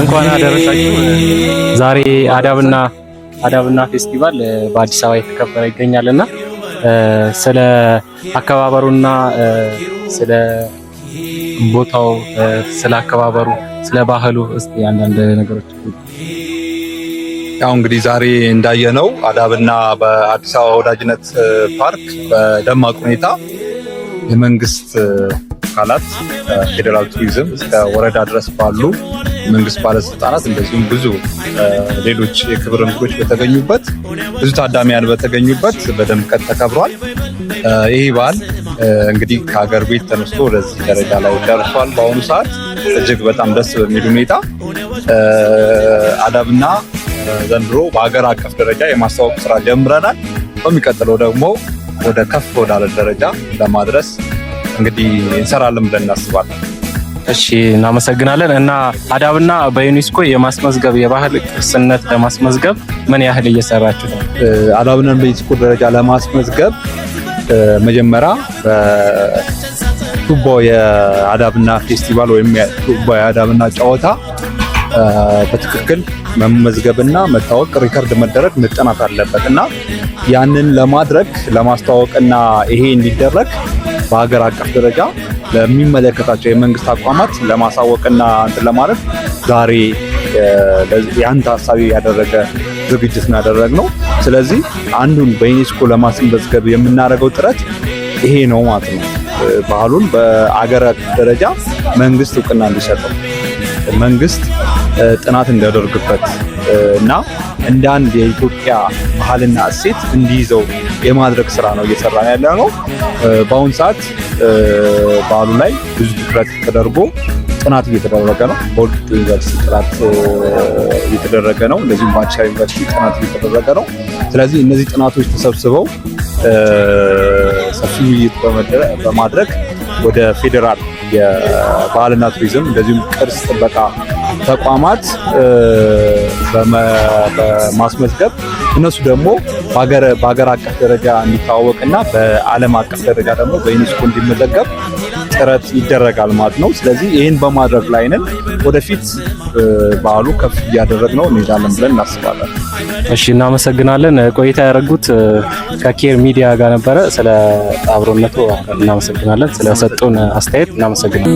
እንኳን አደረሳችሁ። ዛሬ አዳብና አዳብና ፌስቲቫል በአዲስ አበባ የተከበረ ይገኛልና ስለ አከባበሩና ስለ ቦታው ስለ አከባበሩ ስለ ባህሉ እስቲ አንዳንድ ነገሮች ያው እንግዲህ ዛሬ እንዳየነው አዳብና በአዲስ አበባ ወዳጅነት ፓርክ በደማቅ ሁኔታ የመንግስት አካላት ፌዴራል ቱሪዝም እስከ ወረዳ ድረስ ባሉ መንግስት ባለስልጣናት እንደዚሁም ብዙ ሌሎች የክብር እንግዶች በተገኙበት ብዙ ታዳሚያን በተገኙበት በድምቀት ተከብሯል። ይህ በዓል እንግዲህ ከሀገር ቤት ተነስቶ ወደዚህ ደረጃ ላይ ደርሷል። በአሁኑ ሰዓት እጅግ በጣም ደስ በሚል ሁኔታ አዳብና ዘንድሮ በሀገር አቀፍ ደረጃ የማስተዋወቅ ስራ ጀምረናል። በሚቀጥለው ደግሞ ወደ ከፍ ወዳለ ደረጃ ለማድረስ እንግዲህ እንሰራለን ብለን እናስባለን። እሺ እናመሰግናለን። እና አዳብና በዩኒስኮ የማስመዝገብ የባህል ቅርስነት ለማስመዝገብ ምን ያህል እየሰራችሁ ነው? አዳብናን በዩኔስኮ ደረጃ ለማስመዝገብ መጀመሪያ በቱቦ የአዳብና ፌስቲቫል ወይም ቱቦ የአዳብና ጨዋታ በትክክል መመዝገብና መታወቅ ሪከርድ መደረግ መጠናት አለበት እና ያንን ለማድረግ ለማስተዋወቅና ይሄ እንዲደረግ በሀገር አቀፍ ደረጃ ለሚመለከታቸው የመንግስት አቋማት ለማሳወቅና እንትን ለማለት ዛሬ ያን ታሳቢ ያደረገ ዝግጅት ነው ስለዚህ አንዱን በዩኔስኮ ለማስመዝገብ የምናደርገው ጥረት ይሄ ነው ማለት ነው። ባህሉን በአገር ደረጃ መንግስት እውቅና እንዲሰጠው መንግስት ጥናት እንዲያደርግበት እና እንደ አንድ የኢትዮጵያ ባህልና እሴት እንዲይዘው የማድረግ ስራ ነው እየሰራ ነው ያለ ነው። በአሁን ሰዓት በዓሉ ላይ ብዙ ትኩረት ተደርጎ ጥናት እየተደረገ ነው። በወልቂጤ ዩኒቨርሲቲ ጥናት እየተደረገ ነው። እንደዚሁም በአዲስ ዩኒቨርሲቲ ጥናት እየተደረገ ነው። ስለዚህ እነዚህ ጥናቶች ተሰብስበው ሰፊ ውይይት በማድረግ ወደ ፌዴራል የባህልና ቱሪዝም እንደዚሁም ቅርስ ጥበቃ ተቋማት በማስመዝገብ እነሱ ደግሞ በሀገር አቀፍ ደረጃ እንዲተዋወቅና በዓለም አቀፍ ደረጃ ደግሞ በዩኔስኮ እንዲመዘገብ ጥረት ይደረጋል ማለት ነው። ስለዚህ ይህን በማድረግ ላይ ነን። ወደፊት በዓሉ ከፍ እያደረግ ነው እንሄዳለን ብለን እናስባለን። እሺ፣ እናመሰግናለን። ቆይታ ያደረጉት ከኬር ሚዲያ ጋር ነበረ። ስለ አብሮነቱ እናመሰግናለን። ስለሰጡን አስተያየት እናመሰግናለን።